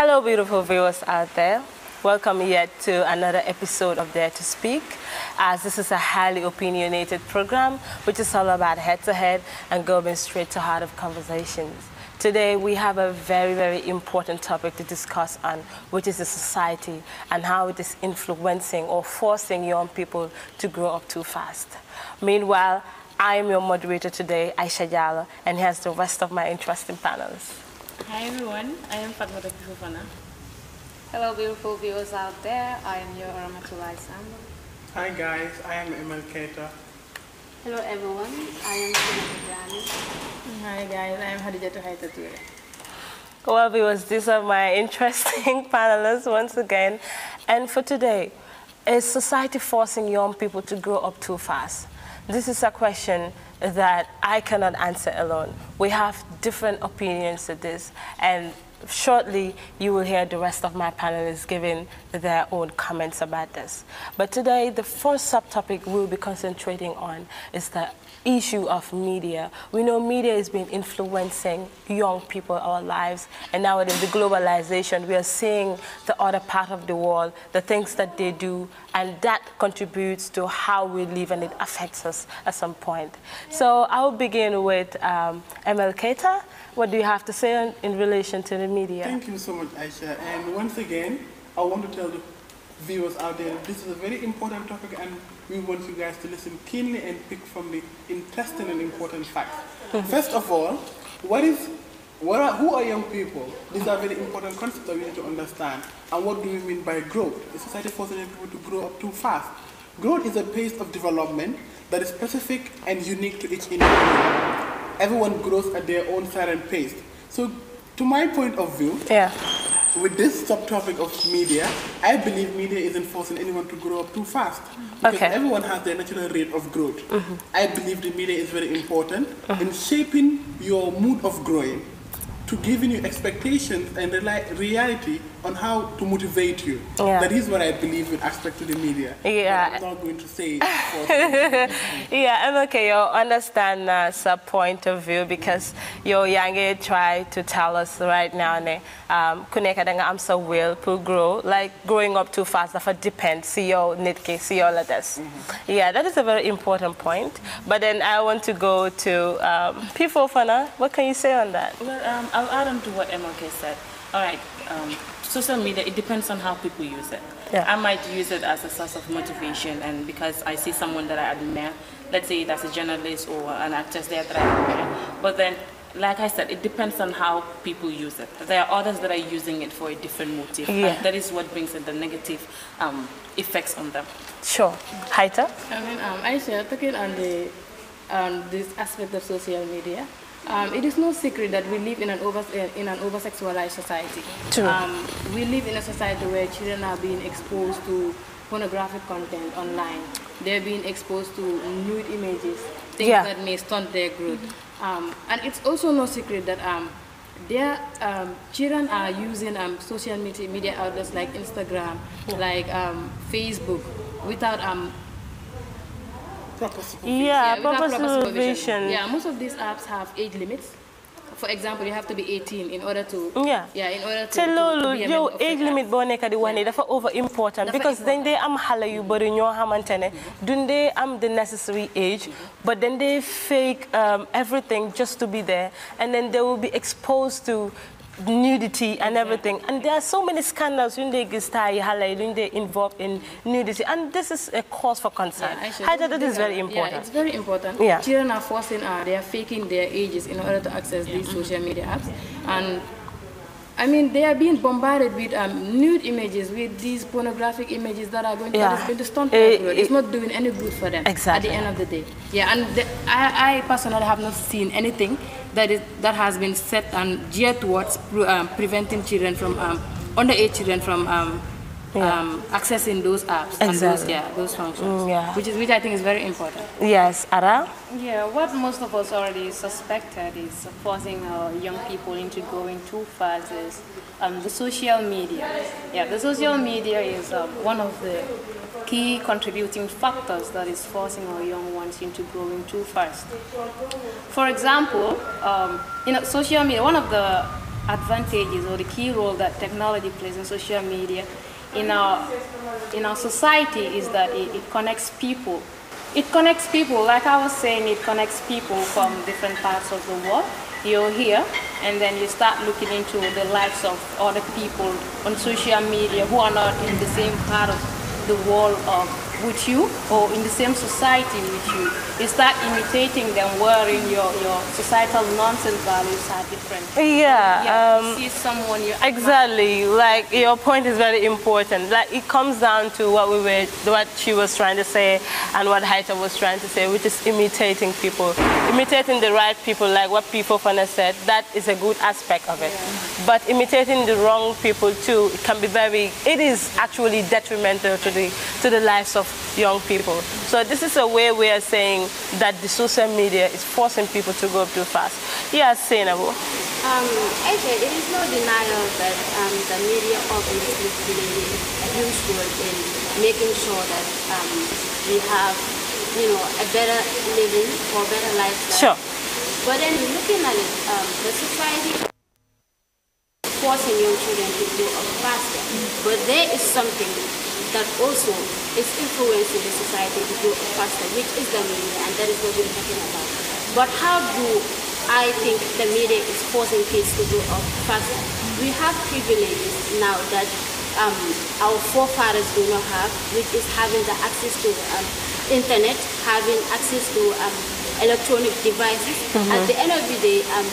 Hello, beautiful viewers out there. Welcome yet to another episode of Dare to Speak, as this is a highly opinionated program, which is all about head-to-head and going straight to heart of conversations. Today we have a very, very important topic to discuss on, which is the society and how it is influencing or forcing young people to grow up too fast. Meanwhile, I am your moderator today, Aisha Yala, and here's the rest of my interesting panels. Hi everyone, I am Fatmata Kifufana. Hello beautiful viewers out there, I am your Aramatulai Sambo. Hi guys, I am Emil Keita. Hello everyone, I am Sunita Grani. Hi guys, I am Hadijatu Haitature. Well viewers, these are my interesting panelists once again. And for today, is society forcing young people to grow up too fast? This is a question that I cannot answer alone. We have different opinions to this, and shortly you will hear the rest of my panelists giving their own comments about this. But today the first subtopic we'll be concentrating on is the issue of media. We know media has been influencing young people, our lives, and nowadays the globalization, we are seeing the other part of the world, the things that they do, and that contributes to how we live and it affects us at some point. So I'll begin with um, ML Keita, what do you have to say in, in relation to the media? Thank you so much, Aisha. And once again, I want to tell the viewers out there this is a very important topic and we want you guys to listen keenly and pick from the interesting and important facts. First of all, what is what are, who are young people? These are very important concepts that we need to understand. And what do we mean by growth? Is society forcing people to grow up too fast? Growth is a pace of development that is specific and unique to each individual everyone grows at their own certain pace. So, to my point of view, yeah. with this subtopic of media, I believe media isn't forcing anyone to grow up too fast because okay. everyone has their natural rate of growth. Mm -hmm. I believe the media is very important mm -hmm. in shaping your mood of growing, to giving you expectations and reality on how to motivate you. Yeah. That is what I believe with aspect to the media. Yeah. But I'm not going to say yeah, and okay, you understand that uh, point of view because your younger try to tell us right now, ne, um, I'm so will to grow, like growing up too fast, That it depends, see your nitke, see your letters. Mm-hmm. Yeah, that is a very important point. But then I want to go to um, P4 Fana. What can you say on that? Well, um, I'll add on to what MLK said. All right. Um, social media, it depends on how people use it. Yeah. I might use it as a source of motivation and because I see someone that I admire, let's say that's a journalist or an actress there that I admire. But then, like I said, it depends on how people use it. There are others that are using it for a different motive. Yeah. that is what brings in the negative um, effects on them. Sure. Haita? I mean, um, Aisha, talking on the, on this aspect of social media, um, it is no secret that we live in an over eh, in an over sexualized society. True. Um, we live in a society where children are being exposed to pornographic content online. They're being exposed to nude images, things yeah. that may stunt their growth. um, and it's also no secret that um, their um, children are using um, social media, outlets like Instagram, yeah. like Facebook, without proper supervision. Yeah, yeah proper, proper supervision. Yeah, most of these apps have age limits. For example, you have to be 18 in order to yeah yeah in order to. Te loolu yow age limit boo nekk di wane dafa over important. because then they am hala you but in your ne duñ they am the necessary age but then they fake um, everything just to be there and then they will be exposed to nudity and everything. And there are so many scandals when they get when they involved in nudity. And this is a cause for concern. Yeah, actually, Hydra, that is very important. Yeah, it's very important. Yeah. Children are forcing, uh, they are faking their ages in order to access yeah. these mm-hmm. social media apps. And I mean, they are being bombarded with um, nude images, with these pornographic images that are going to, yeah. that is going to stunt their it, growth. It's eh. not doing any good for them exactly. at the end of the day. Yeah, and the, I, I personally have not seen anything that, is, that has been set and geared towards pre um, preventing children from um, underage children from um, yeah. Um, accessing those apps exactly. and those, yeah, those functions, mm, yeah. which is which I think is very important. Yes, Ara? Yeah, what most of us already suspected is forcing our young people into going too fast is um, the social media. Yeah, the social media is uh, one of the key contributing factors that is forcing our young ones into growing too fast. For example, um, in social media, one of the advantages or the key role that technology plays in social media in our, in our society is that it, it connects people. It connects people, like I was saying, it connects people from different parts of the world you're here and then you start looking into the lives of other people on social media who are not in the same part of the wall of with you or in the same society with you. You start imitating them wearing your, your societal nonsense values are different. Yeah. yeah um, see someone you Exactly. Like your point is very important. Like it comes down to what we were, what she was trying to say and what Haita was trying to say, which is imitating people. Imitating the right people, like what people Fana said, that is a good aspect of it. Yeah. But imitating the wrong people too, it can be very, it is actually detrimental to the, to the lives of young people. So this is a way we are saying that the social media is forcing people to go too fast. Yes, Senabu. Um, AJ, it is no denial that um, the media obviously plays a huge role in making sure that um, we have, you know, a better living or better lifestyle. Sure. But then looking at it, um, the society forcing young children to go up faster. But there is something that also is influencing the society to grow faster, which is the media, and that is what we're talking about. But how do I think the media is forcing kids to grow up faster? We have privileges now that um, our forefathers do not have, which is having the access to um, internet, having access to um, electronic devices. Mm -hmm. At the end of the day, um,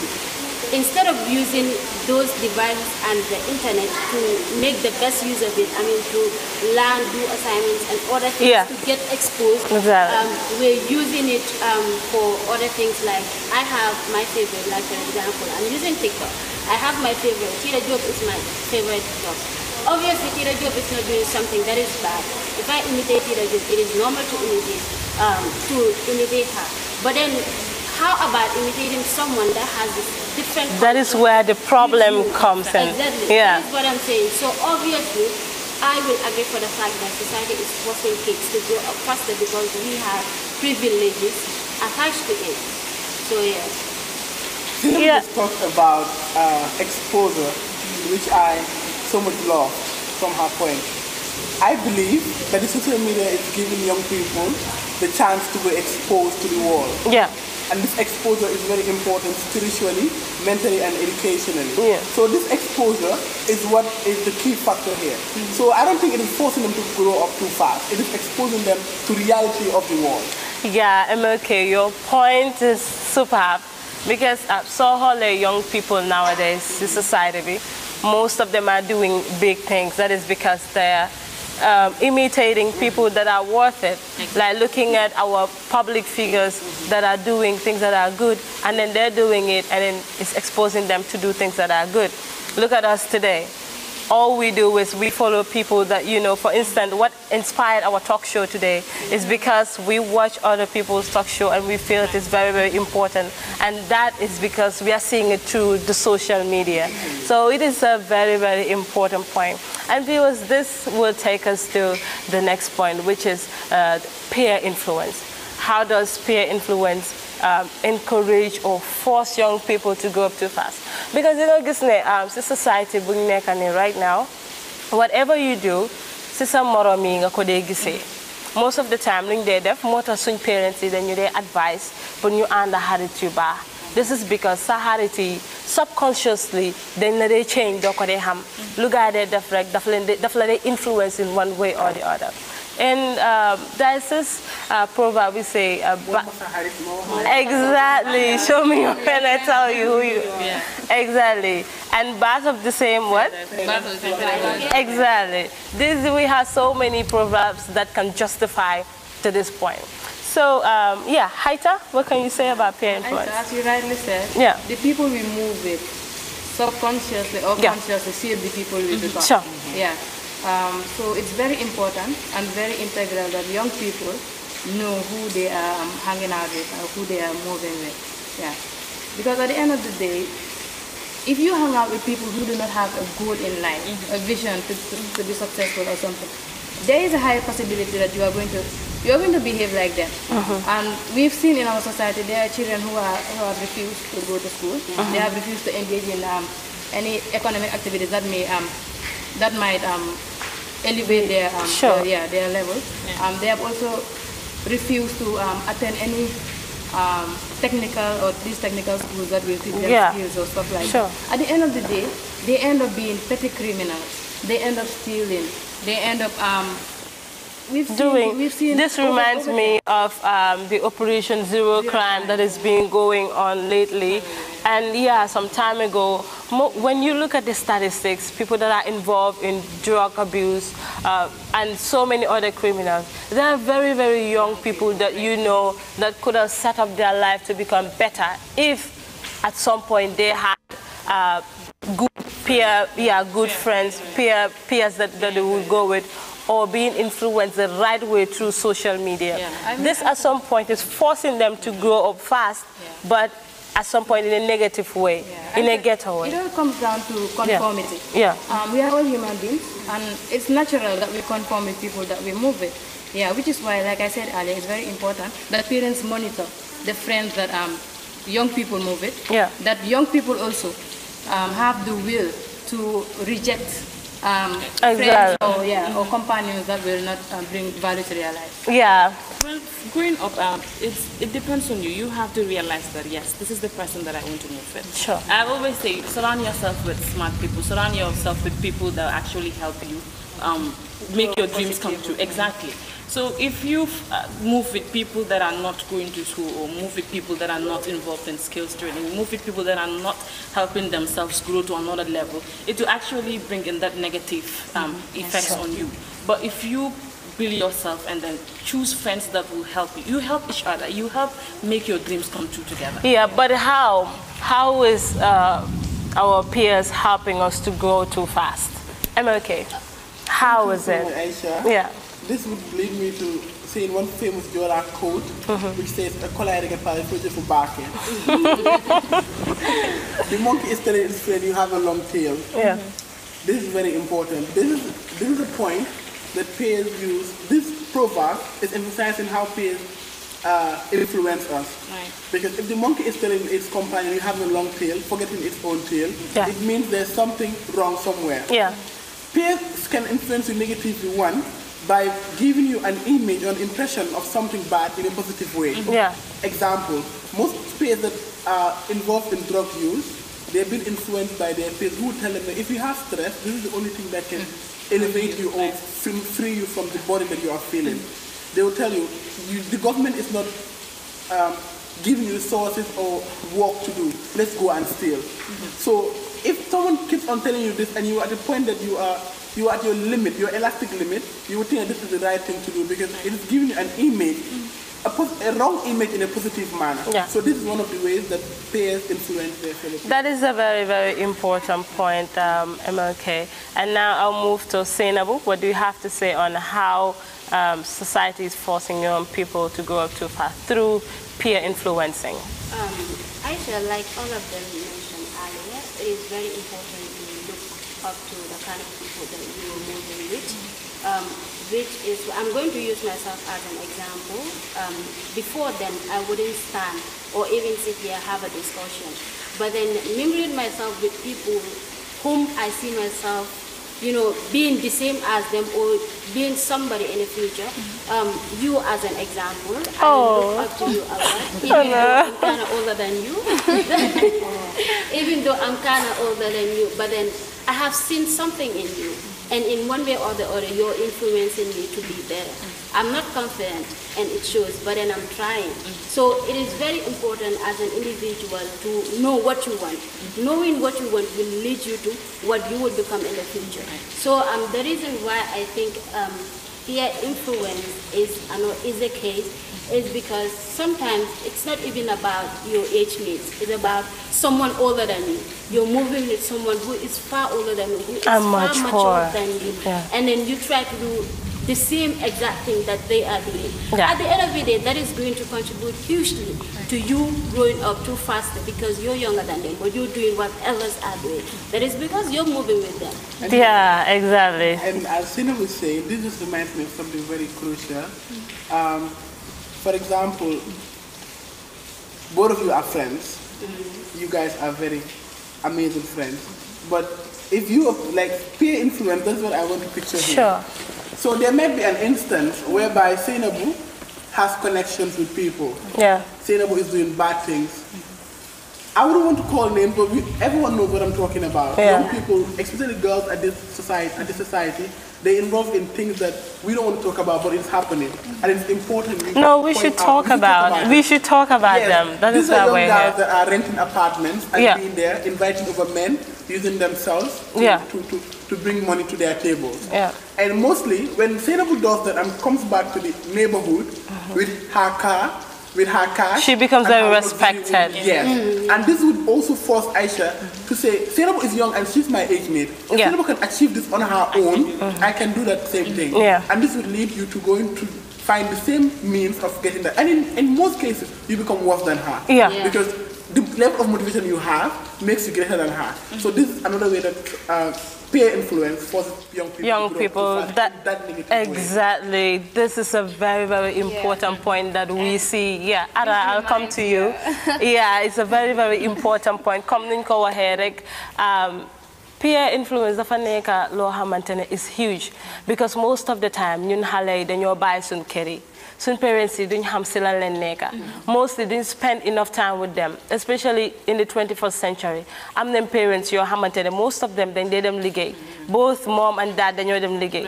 instead of using those devices and the internet to make the best use of it, I mean to learn, do assignments and other things yeah. to get exposed, exactly. um, we're using it um, for other things like I have my favorite, like for example, I'm using TikTok. I have my favorite, Tira Job is my favorite TikTok. Obviously, Tira Job is not doing something that is bad. If I imitate Tira Job, it is normal to imitate, um, to imitate her. But then how about imitating someone that has a different... That is where the problem comes in. Exactly. Yeah. That is what I'm saying. So obviously, I will agree for the fact that society is forcing kids to grow up faster because we have privileges attached to it. So yeah. Film yeah. talked about uh, exposure, which I so much love from her point. I believe that the social media is giving young people the chance to be exposed to the world. Yeah and this exposure is very important spiritually, mentally, and educationally. Yeah. So this exposure is what is the key factor here. Mm-hmm. So I don't think it is forcing them to grow up too fast. It is exposing them to reality of the world. Yeah, MLK, your point is superb because I saw how the young people nowadays, the society, most of them are doing big things. That is because they're um, imitating people that are worth it, like looking at our public figures that are doing things that are good, and then they're doing it, and then it's exposing them to do things that are good. Look at us today all we do is we follow people that, you know, for instance, what inspired our talk show today is because we watch other people's talk show and we feel it is very, very important. And that is because we are seeing it through the social media. So it is a very, very important point. And viewers, this will take us to the next point, which is uh, peer influence. How does peer influence um, encourage or force young people to grow up too fast. Because you know, this um, society right now, whatever you do, sisa a moral nga most of the time when they def moo tax suñ parents then you their advice but you ànd xarit yu baax this is because sa subconsciously then they change the ko they xam lu gaa dee def rek influence in one way or the other and uh, um, diocese uh, proverb we say uh, exactly show me when I tell you who you exactly and bath of the same what exactly this we have so many proverbs that can justify to this point so um, yeah Haita what can you say about peer influence as you rightly said yeah the people we move with subconsciously or consciously yeah. the people we become sure. yeah um, so it's very important and very integral that young people know who they are um, hanging out with or uh, who they are moving with. Yeah. Because at the end of the day, if you hang out with people who do not have a goal in life, mm -hmm. a vision to, to, to, be successful or something, there is a higher possibility that you are going to you are going to behave like them. Uh -huh. And we've seen in our society there are children who are who have refused to go to school. Uh -huh. They have refused to engage in um, any economic activities that may um, that might um, elevate their, um, sure. their, yeah, their level. Yeah. Um, they have also refused to um, attend any um, technical or these technical schools that will teach them yeah. skills or stuff like sure. that. At the end of the day, they end up being petty criminals. They end up stealing. They end up um, we've doing. Seen, we've seen this reminds me of um, the Operation Zero yeah. crime that has been going on lately. And yeah, some time ago, when you look at the statistics, people that are involved in drug abuse uh, and so many other criminals, they are very, very young people that you know that could have set up their life to become better if at some point they had uh, good peer, yeah, good friends, peer peers that, that they would go with or being influenced the right way through social media. Yeah. I mean, this at some point is forcing them to grow up fast, yeah. but at some point in a negative way, yeah. in a ghetto way. It all comes down to conformity. Yeah. Um, we are all human beings, and it's natural that we conform with people, that we move with. Yeah, which is why, like I said earlier, it's very important that parents monitor the friends that um, young people move with. Yeah. That young people also um, have the will to reject um, exactly. friends or, yeah, or companions that will not uh, bring value to their life. Yeah. Well, growing up, um, it's, it depends on you. You have to realize that, yes, this is the person that I want to move with. Sure. I always say, surround yourself with smart people. Surround yourself with people that actually help you um, make your dreams come true. Exactly. So if you uh, move with people that are not going to school or move with people that are not involved in skills training, move with people that are not helping themselves grow to another level, it will actually bring in that negative um, mm-hmm. effects on you. But if you build yourself and then choose friends that will help you, you help each other, you help make your dreams come true together. Yeah, but how? How is uh, our peers helping us to grow too fast? MLK, how is it? Yeah this would lead me to saying one famous Jola quote, uh-huh. which says, a collider get fired for barking. the monkey is telling its friend, you have a long tail. Yeah. This is very important. This is, this is a point that peers use. This proverb is emphasizing how peers uh, influence us. Right. Because if the monkey is telling its companion, you have a long tail, forgetting its own tail, yeah. it means there's something wrong somewhere. Yeah. Peers can influence you negatively, one, by giving you an image or an impression of something bad in a positive way. Mm-hmm. Yeah. Example, most peers that are involved in drug use, they've been influenced by their peers who tell them that if you have stress, this is the only thing that can mm-hmm. elevate you or free you from the body that you are feeling. They will tell you, you the government is not um, giving you resources or work to do. Let's go and steal. Mm -hmm. So if someone keeps on telling you this and you are at the point that you are you are at your limit, your elastic limit, you would think this is the right thing to do because it is giving you an image, a, a, wrong image in a positive manner. Yeah. So this is one of the ways that peers influence their fellow That is a very, very important point, um, MLK. And now I'll move to Senabu. What do you have to say on how um, society is forcing young people to grow up too fast through peer influencing? Um, I feel like all of them mentioned earlier, it is very important to look up to the kind of for the um, which is, I'm going to use myself as an example. Um, before then, I wouldn't stand or even sit here have a discussion. But then mingling myself with people whom I see myself, you know, being the same as them or being somebody in the future, um, you as an example, I oh. look up to you a lot, even though I'm kind of older than you, even though I'm kind of older than you, but then I have seen something in you, and in one way or the other, you're influencing me to be better. I'm not confident, and it shows, but then I'm trying. So it is very important as an individual to know what you want. Knowing what you want will lead you to what you will become in the future. So um, the reason why I think um, peer influence is, I know, is a case is because sometimes it's not even about your age mates. It's about someone older than you. You're moving with someone who is far older than you, who is I'm far much, much older than you. Yeah. And then you try to do the same exact thing that they are doing. Yeah. At the end of the day, that is going to contribute hugely to you growing up too fast because you're younger than them, but you're doing what others are doing. That is because you're moving with them. Yeah, exactly. And as Sina was saying, this just reminds me of something very crucial. Um, for example, both of you are friends. Mm-hmm. You guys are very amazing friends. But if you like peer influence, that's what I want to picture here. Sure. So there may be an instance whereby Senabu has connections with people. Yeah. Senabu is doing bad things. I wouldn't want to call names, but we, everyone knows what I'm talking about. Yeah. Young people, especially girls at this society, at this society, they're involved in things that we don't want to talk about, but it's happening, and it's important. We no, we should talk, about, we, should talk about, we should talk about yes, them. That these is are young girls that are renting apartments and yeah. being there, inviting over men, using themselves to, yeah. to, to, to bring money to their tables. Yeah. And mostly, when Sainabu does that and comes back to the neighborhood mm -hmm. with her car, with her cash. She becomes very respected. yes. Mm. And this would also force Aisha to say, Zainab is young and she's my age mate. If yeah. can achieve this on her own, mm-hmm. I can do that same thing. Yeah. And this would lead you to going to find the same means of getting that. And in, in most cases, you become worse than her. Yeah. yeah. Because the level of motivation you have makes you greater than her. Mm-hmm. So this is another way that uh, peer influence forces young people. Young people, that, that exactly. Way. This is a very, very important yeah. point that we and see. Yeah, Ada, I'll come to you. Yeah. it's a very, very important point. Coming over here, um, peer influence of nekk loo xamante is huge because most of the time ñun xale yi dañoo bàyyi suñu kër suñ parents yi duñ xam si lan leen nekka mostly duñ spend enough time with them especially in the 21st century am nañ parents yoo xamante ne most of them dañ dee dem liggéey both mom and dad dañoo dem liggéey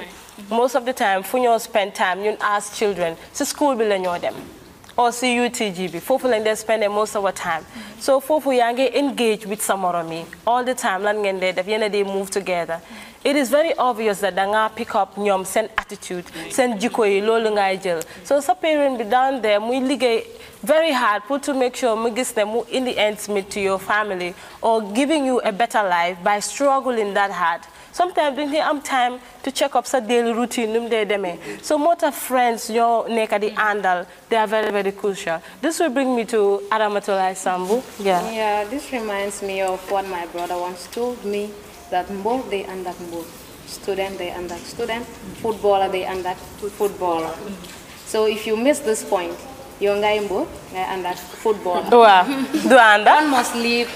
most of the time fu ñoo spend time ñun as children si school bi la ñoo dem or CUTGB. Foofu lañ dee spend most of our time so foofu Yange engage with sa all the time lan and the def they move together it is very obvious that danga pick up ñoom send attitude send jikko yi loolu so some parent be down there muy liggéey very hard put to make sure mu gis ne in the end meet to your family or giving you a better life by struggling that hard sometimes I ñu am time to check up So daily routine so moo tax friends neck at the handle, they are very very crucial this will bring me to Aramatoulaye Sambu yeah. yeah this reminds me of what my brother once told me that both they and that both student they and that student footballer they and that footballer so if you miss this point you're ngaimbo and that footballer do I, do I one must live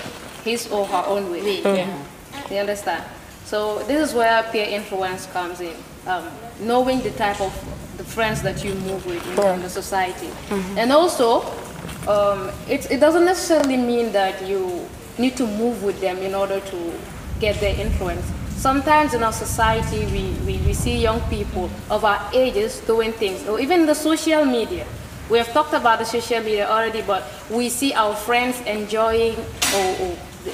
his or her own way mm -hmm. yeah. you understand so this is where peer influence comes in, um, knowing the type of the friends that you move with in, sure. the society. Mm -hmm. And also, um, it, it doesn't necessarily mean that you need to move with them in order to get their influence. Sometimes in our society, we, we, we see young people of our ages doing things, or even the social media. We have talked about the social media already, but we see our friends enjoying or, or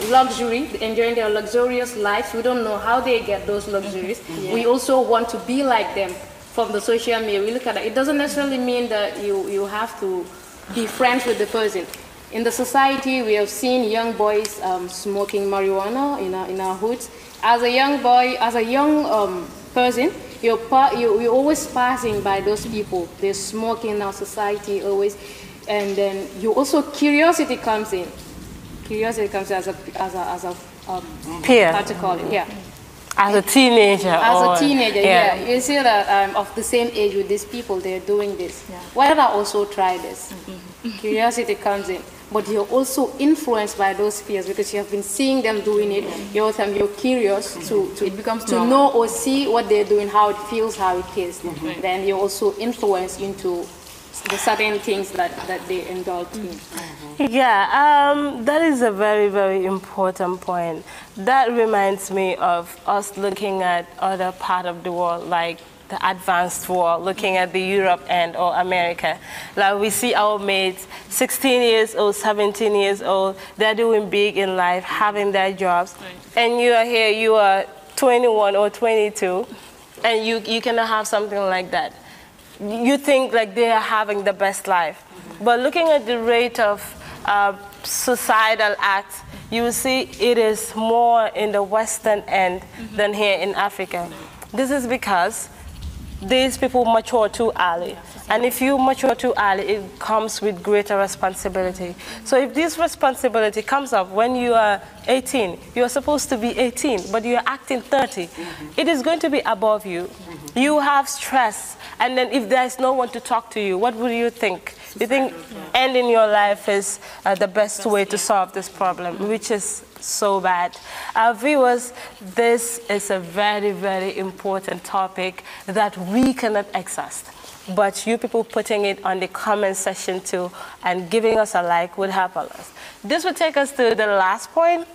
luxury, enjoying their luxurious lives. We don't know how they get those luxuries. Yeah. We also want to be like them from the social media. We look at it. It doesn't necessarily mean that you, you have to be friends with the person. In the society, we have seen young boys um, smoking marijuana in our, in our hoods. As a young boy, as a young um, person, you're, you, you're always passing by those people. They're smoking in our society always. And then you also, curiosity comes in curiosity comes as a as a as a um, peer. How to call it? Yeah. As a teenager. As or, a teenager, yeah. yeah. You see that I'm of the same age with these people, they're doing this. Yeah. Why not also try this? Mm -hmm. Curiosity comes in. But you're also influenced by those peers because you have been seeing them doing it. You're, you're curious mm -hmm. to, to, it becomes to know or see what they're doing, how it feels, how it tastes. Mm -hmm. Then you're also influenced into the certain things that, that they indulge in. Mm -hmm. Yeah, um, that is a very, very important point. That reminds me of us looking at other part of the world, like the advanced world, looking at the Europe and or America. Like we see our mates, 16 years old, 17 years old, they're doing big in life, having their jobs. Right. And you are here, you are 21 or 22, and you, you cannot have something like that you think like they are having the best life. But looking at the rate of uh, acts, you will see it is more in the western end mm -hmm. than here in Africa. This is because these people mature too early. And if you mature too early, it comes with greater responsibility. So if this responsibility comes up when you are 18, you're supposed to be 18, but you're acting 30, mm -hmm. it is going to be above you. Mm -hmm. You have stress and then if there's no one to talk to you, what would you think? Do you think ending your life is uh, the best way to solve this problem, which is so bad. Our uh, viewers, this is a very, very important topic that we cannot exhaust. But you people putting it on the comment section too and giving us a like would help a lot. This would take us to the last point,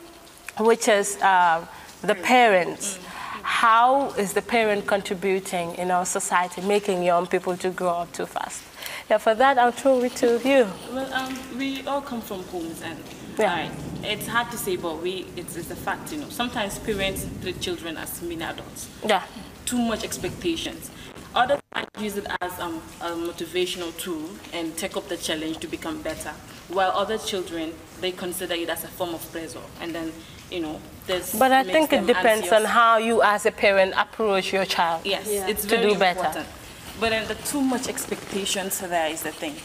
which is uh, the parents. How is the parent contributing in our society, making young people to grow up too fast? Yeah, for that, I'll throw it to you. Well, um, we all come from homes, and yeah. it's hard to say, but we it's, it's a fact, you know. Sometimes parents treat children as mini adults. Yeah. Too much expectations. Other times use it as um, a motivational tool and take up the challenge to become better, while other children, they consider it as a form of pressure. And then you know, this. But I think it depends on how you, as a parent, approach your child. Yes, yeah. it's to do better. But then the too much expectations there is the thing.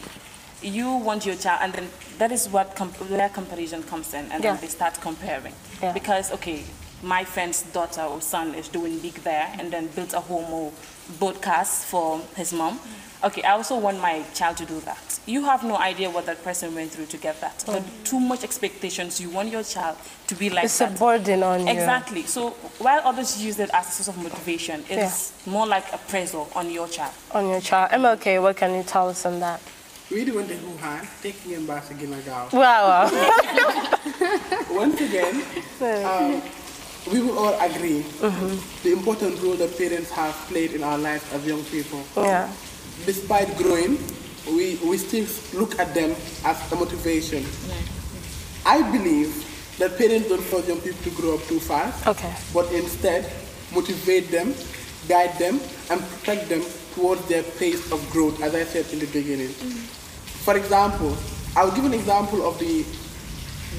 You want your child, and then that is what comp where comparison comes in, and yeah. then they start comparing. Yeah. Because okay, my friend's daughter or son is doing big there, and then built a home or broadcast for his mom. Mm -hmm okay, I also want my child to do that. You have no idea what that person went through to get that. Mm. too much expectations, you want your child to be like it's that. It's a burden on exactly. you. So while others use it as a source of motivation, it's yeah. more like a pressure on your child. On your child. MLK, what can you tell us on that? We want to go high, taking and bass again Wow. wow. Once again, um, we will all agree mm -hmm. the important role that parents have played in our lives as young people. Yeah despite growing, we, we still look at them as a motivation. Yeah. I believe that parents don't force young people to grow up too fast, okay. but instead motivate them, guide them, and protect them towards their pace of growth, as I said in the beginning. Mm-hmm. For example, I'll give an example of the,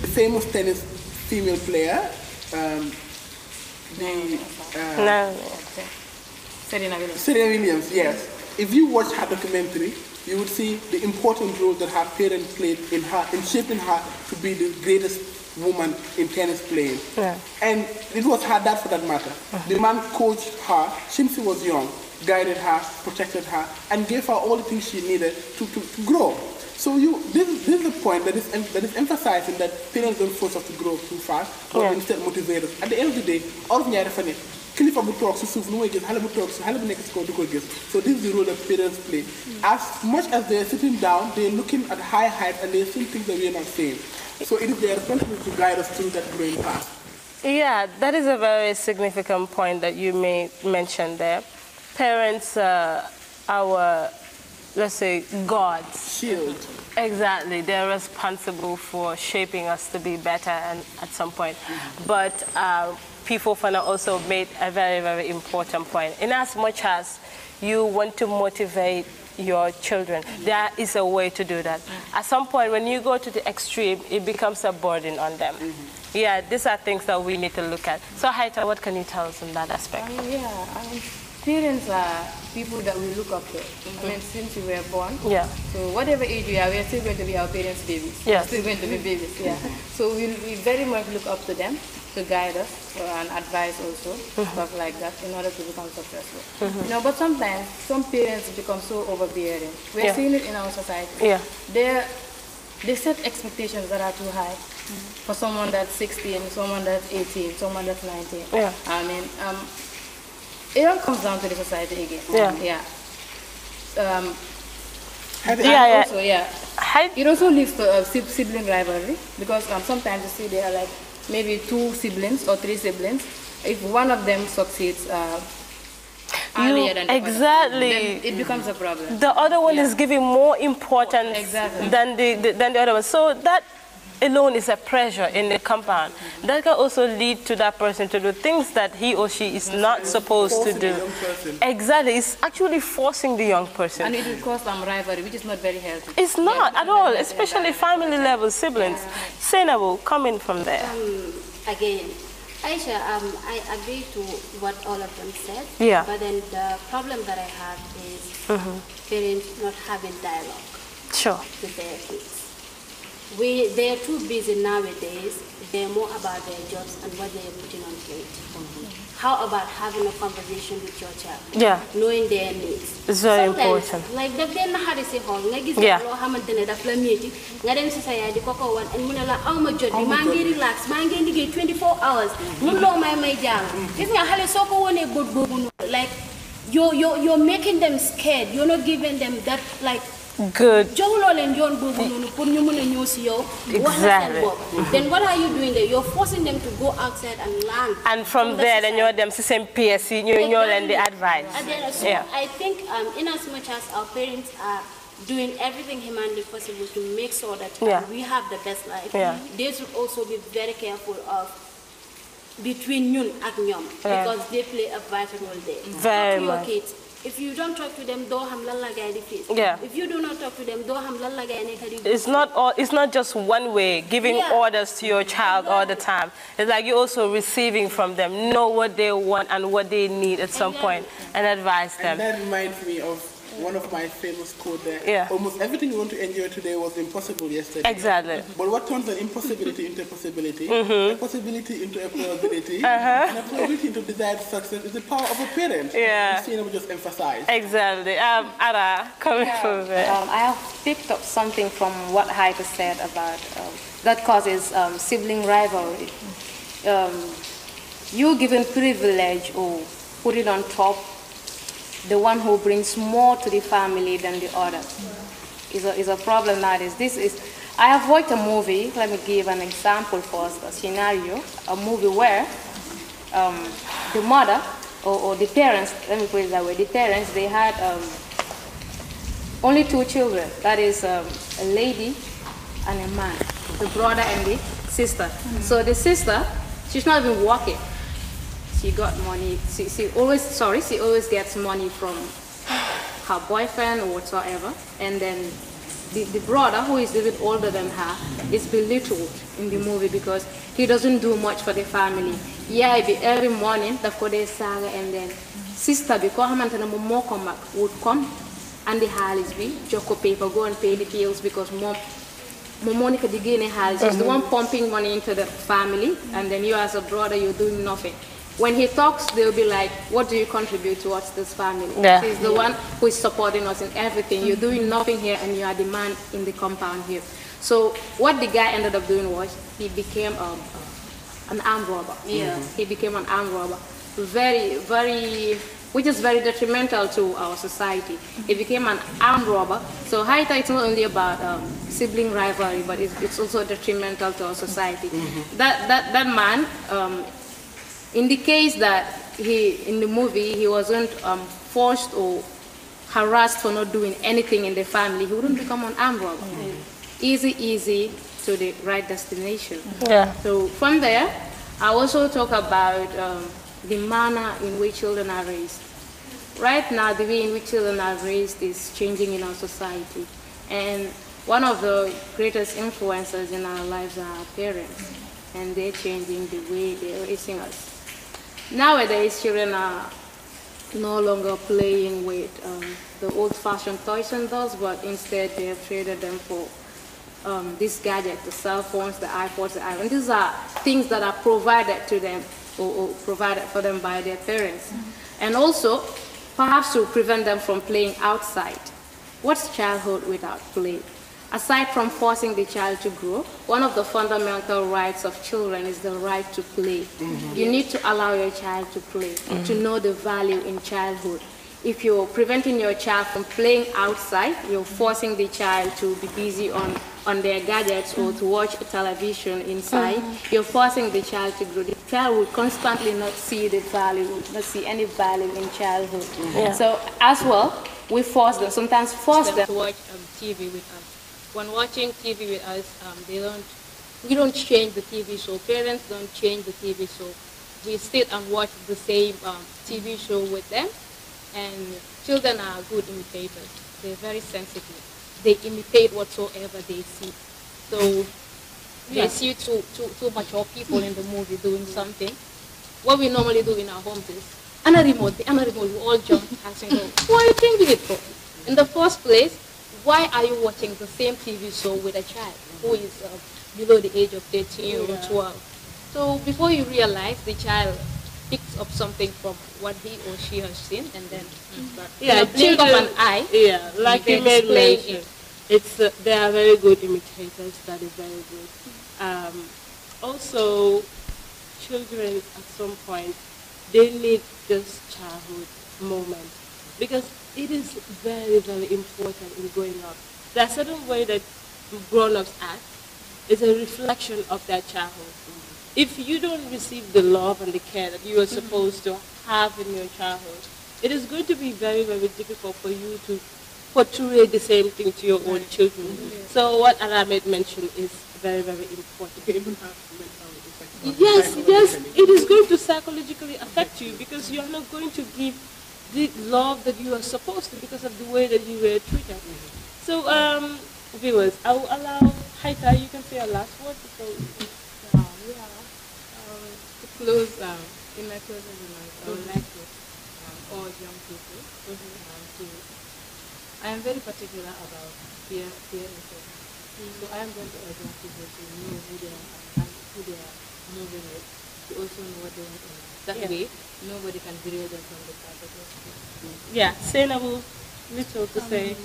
the famous tennis female player, um, the, uh, no, Serena Williams. Serena Williams, yes if you watch her documentary, you would see the important role that her parents played in her, in shaping her to be the greatest woman in tennis playing. Yeah. And it was her dad for that matter. Uh-huh. The man coached her since she was young, guided her, protected her, and gave her all the things she needed to, to, to grow. So you, this, this is the point that is, that is emphasizing that parents don't force us to grow too fast, but yeah. instead motivate us. At the end of the day, all of kilifa bu toog si suuf lu muy gis xale bu toog si xale bu nekk si kaw ko gis so this is the role that parents play as much as they are sitting down they are looking at high heights and they are seeing things that we are not seeing so it is their responsibility to guide us through that growing path yeah that is a very significant point that you may mention there parents are our let's say gods shield exactly they're responsible for shaping us to be better and at some point mm -hmm. but uh, People, 4 Fana also made a very, very important point. In as much as you want to motivate your children, there is a way to do that. At some point, when you go to the extreme, it becomes a burden on them. Mm -hmm. Yeah, these are things that we need to look at. So, Haita, what can you tell us on that aspect? Um, yeah, um, parents are people that we look up to. Mm -hmm. I mean, mm-hmm. since we were born. Yeah. So whatever age we are, we are still going to be our parents' babies. Yeah. Still going to be babies. Yeah. so we, we very much look up to them to guide us and advise also, mm -hmm. stuff like that, in order to become successful. Mm -hmm. You know, but sometimes some parents become so overbearing. We're yeah. seeing it in our society. Yeah. they they set expectations that are too high mm -hmm. for someone that's 16, someone that's 18, someone that's 19. Yeah. I mean, um, it all comes down to the society again. Yeah. Yeah. Um, yeah, also, yeah. It also leads to uh, sibling rivalry because um, sometimes you see they are like maybe two siblings or three siblings. If one of them succeeds uh, you, exactly other, it becomes a problem the other one yeah. is giving more importance exactly. than the, the, than the other one so that alone is a pressure in the compound. That can also lead to that person to do things that he or she is not supposed to do. Exactly. It's actually forcing the young person. And it will cause some rivalry, which is not very healthy. It's not yeah, at all, especially family level siblings. Yeah, Senable, coming from there. Um, again, Aisha, um, I agree to what all of them said. Yeah. But then the problem that I have is mm -hmm. parents not having dialogue sure. with their kids. We, they are too busy nowadays. They're more about their jobs and what they are putting on plate. Mm -hmm. How about having a conversation with your child? Yeah. Knowing their needs. It's very Sometimes, important. Like daf den xari ci xol nga gis lo how daf la metti nga dem ci sa yaay di ko ko wan mu ne la awma jot bi ma ngi relax ma ngi liggéey 24 hours mun my may may jàng gis nga xale soko wone bot bobu like you you you're making them scared you're not giving them that like good. Exactly. Then what are you doing there? You're forcing them to go outside and learn. And from, from there, then you're them same PSC, you're exactly. the advice. So yeah. I think um, in as much as our parents are doing everything humanly possible to make sure that um, yeah. we have the best life, yeah. they should also be very careful of between noon and nyom yeah. because they play a vital role there. Very your much. kids if you don't talk to them do xam lan la get di yeah if you do not talk to them do xam lan la get nekk it's not all it's not just one way giving yeah. orders to your child all the time it's like you're also receiving from them know what they want and what they need at some point and advise them and that reminds me of one of my famous quotes there. Yeah. Almost everything you want to enjoy today was impossible yesterday. Exactly. But what turns an impossibility into possibility, mm -hmm. a possibility into a probability, uh -huh. and a probability into desired success is the power of a parent. Yeah. You've seen just emphasize. Exactly. Um, Ara, coming yeah. it. Um, I have picked up something from what Hyper said about um, that causes um, sibling rivalry. Um, you given privilege or oh, put it on top the one who brings more to the family than the other is a, is a problem That is, This is, I have watched a movie, let me give an example for a scenario, a movie where um, the mother or, or, the parents, let me put it that way, the parents, they had um, only two children, that is um, a lady and a man, the brother and the sister. Mm -hmm. So the sister, she's not even walking she got money. She, she always sorry. She always gets money from her boyfriend or whatsoever, and then the, the brother who is a older than her is belittled in the movie because he doesn't do much for the family. Yeah, it be every morning the Kode saga and then sister because Hamantana Momoko Mac would come and the house be Joko paper, go and pay the bills because mom Momonica Digine Hallis is the mm-hmm. one pumping money into the family and then you as a brother you're doing nothing when he talks, they'll be like, what do you contribute towards this family? Yeah. He's the one who is supporting us in everything. You're doing nothing here and you are the man in the compound here. So what the guy ended up doing was he became um, an armed robber. Yeah. Mm -hmm. He became an armed robber. Very, very, which is very detrimental to our society. He became an armed robber. So Haita, it's not only about um, sibling rivalry, but it's, it's, also detrimental to our society. Mm -hmm. That, that, that man, um, indicates that he, in the movie, he wasn't um, forced or harassed for not doing anything in the family. He wouldn't become an armed robber. Mm. Easy, easy to the right destination. Yeah. So from there, I also talk about um, the manner in which children are raised. Right now, the way in which children are raised is changing in our society. And one of the greatest influences in our lives are our parents. And they're changing the way they're raising us nowadays children are no longer playing with um, the old-fashioned toys and those, but instead they have traded them for um, this gadget, the cell phones, the iPods, the iPhones. These are things that are provided to them or, or provided for them by their parents. Mm -hmm. And also, perhaps to prevent them from playing outside. What's childhood without play? Aside from forcing the child to grow, one of the fundamental rights of children is the right to play. Mm -hmm. You need to allow your child to play, mm -hmm. to mm-hmm. know the value in childhood. If you're preventing your child from playing outside, you're forcing the child to be busy on, on their gadgets or to watch television inside, mm -hmm. you're forcing the child to grow. The child will constantly not see the value, not see any value in childhood. Yeah. Mm-hmm. So as well, we force them, sometimes force them to watch um, TV with us um, when watching TV with us, um, they don't, we don't change the TV show. Parents don't change the TV show. We sit and watch the same um, TV show with them. And children are good imitators. They're very sensitive. They imitate whatsoever they see. So yeah. they see two, two, two mature people in the movie doing something. What we normally do in our homes is, a remote, a remote, we all jump, and say, What are you changing it for? In the first place, why are you watching the same TV show with a child who is uh, below the age of 13 yeah. or 12? So before you realize, the child picks up something from what he or she has seen and then mm-hmm. yeah, blink of an eye. Yeah, like you made it. it's uh, they are very good imitators. That is very good. Mm-hmm. Um, also, children at some point they need this childhood moment because it is very, very important in growing up. There are certain ways that grown-ups act. It's a reflection of their childhood. Mm -hmm. If you don't receive the love and the care that you are supposed mm -hmm. to have in your childhood, it is going to be very, very difficult for you to portray the same thing to your right. own children. Mm -hmm. yeah. So what Aramed mentioned is very, very important. Yes, yes, it is going to psychologically affect you because you are not going to give the love that you are supposed to because of the way that you were treated. Mm -hmm. So, um, viewers, I will allow Haita, you can say a last word before we um, yeah. um, to close. Um, in my closing remarks, I would mm-hmm. like to um, young people mm -hmm. um, to. I am very particular about peer peer mm -hmm. so I am going to urge young people to know who they are and who they are moving with, to also know what they want in life that yeah. way nobody can derail them from the path of say Yeah, Sainabu, little to um, say.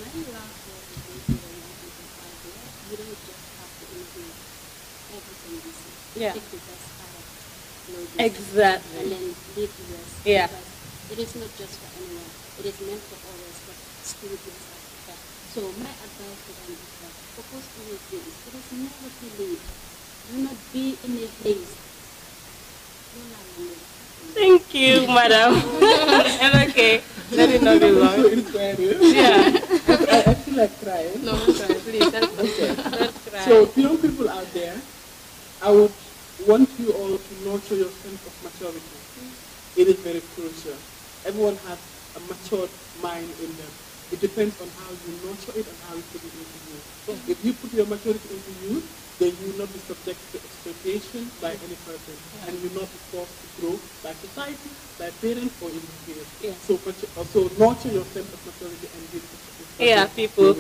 Yeah. Exactly. And then live the rest. Yeah. It is not just for anyone. It is meant for always, but school gives us that. So my advice to them is that focus on your dreams. It is never too late. Do not be in a haste. Thank you, madam. and okay, let it not be long. yeah. I, I, feel like crying. No, cry, please. Don't, okay. cry. So, young people out there, I would want you all to nurture your sense of maturity. It is very crucial. Everyone has a matured mind in them. It depends on how you nurture it and how you put it into use. If you put your maturity into you. They will not be subject to exploitation by any person, yeah. and will not be forced to grow by society, by parents, or individuals. Yeah. So, so nurture yourself as maturity and give yeah, people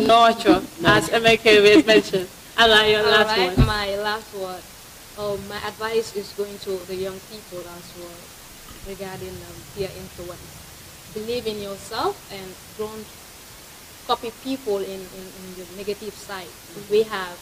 nurture, as MK mentioned. Alright, your All last right, word. my last word. Um, my advice is going to the young people as well regarding um, peer influence. Believe in yourself and don't copy people in, in, in the negative side. Mm -hmm. We have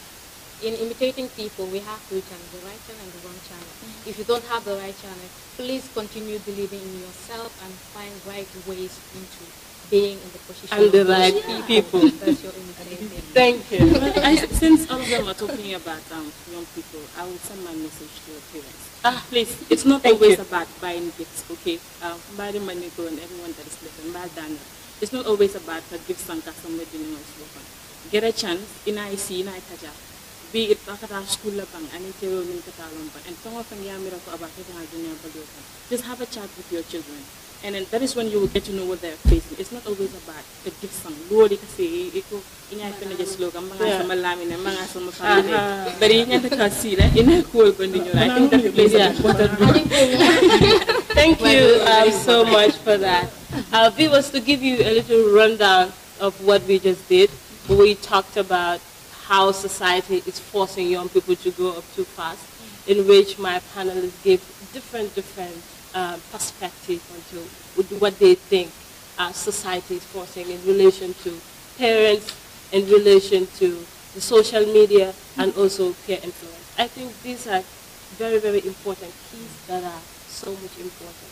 in imitating people, we have two channels, the right channel and the wrong channel. Mm -hmm. If you don't have the right channel, please continue believing in yourself and find right ways into being in the position and the right yeah. people. That's your imitating. Thank you. I, since all of them are talking about um, young people, I will send my message to your parents. Ah, please, it's not Thank always you. about buying gifts, okay? Uh, Mary Manigo and everyone that is listening, Mary Dana. it's not always about her gifts and customer doing what's Get a chance, in IC, in ICAJA be it kata school bang ani teo min kata bang and tongo fang yamira ko about dunya bagoka. Just have a chat with your children. And then that is when you will get to know what they're facing. It's not always about the gifts and lodi kasi iko inya ko na just loga mga sa malami na mga sa mafamili. But inya ta kasi na ina cool ko ninyo. I think that plays an important role. Thank you um, so much for that. Uh, v was to give you a little rundown of what we just did. We talked about how society is forcing young people to grow up too fast, in which my panelists gave different, different um, uh, perspectives onto what they think uh, society is forcing in relation to parents, in relation to the social media, and also peer influence. I think these are very, very important keys that are so much important.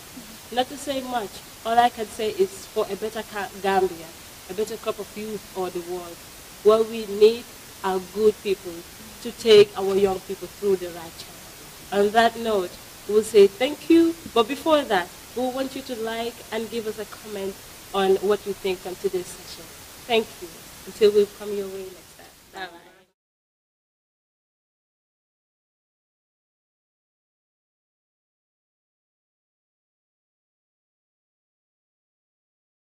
Not to say much, all I can say is for a better Gambia, a better cup of youth or the world, what we need are good people to take our young people through the right channel. On that note, we'll say thank you. But before that, we want you to like and give us a comment on what you think on today's session. Thank you. Until we come your way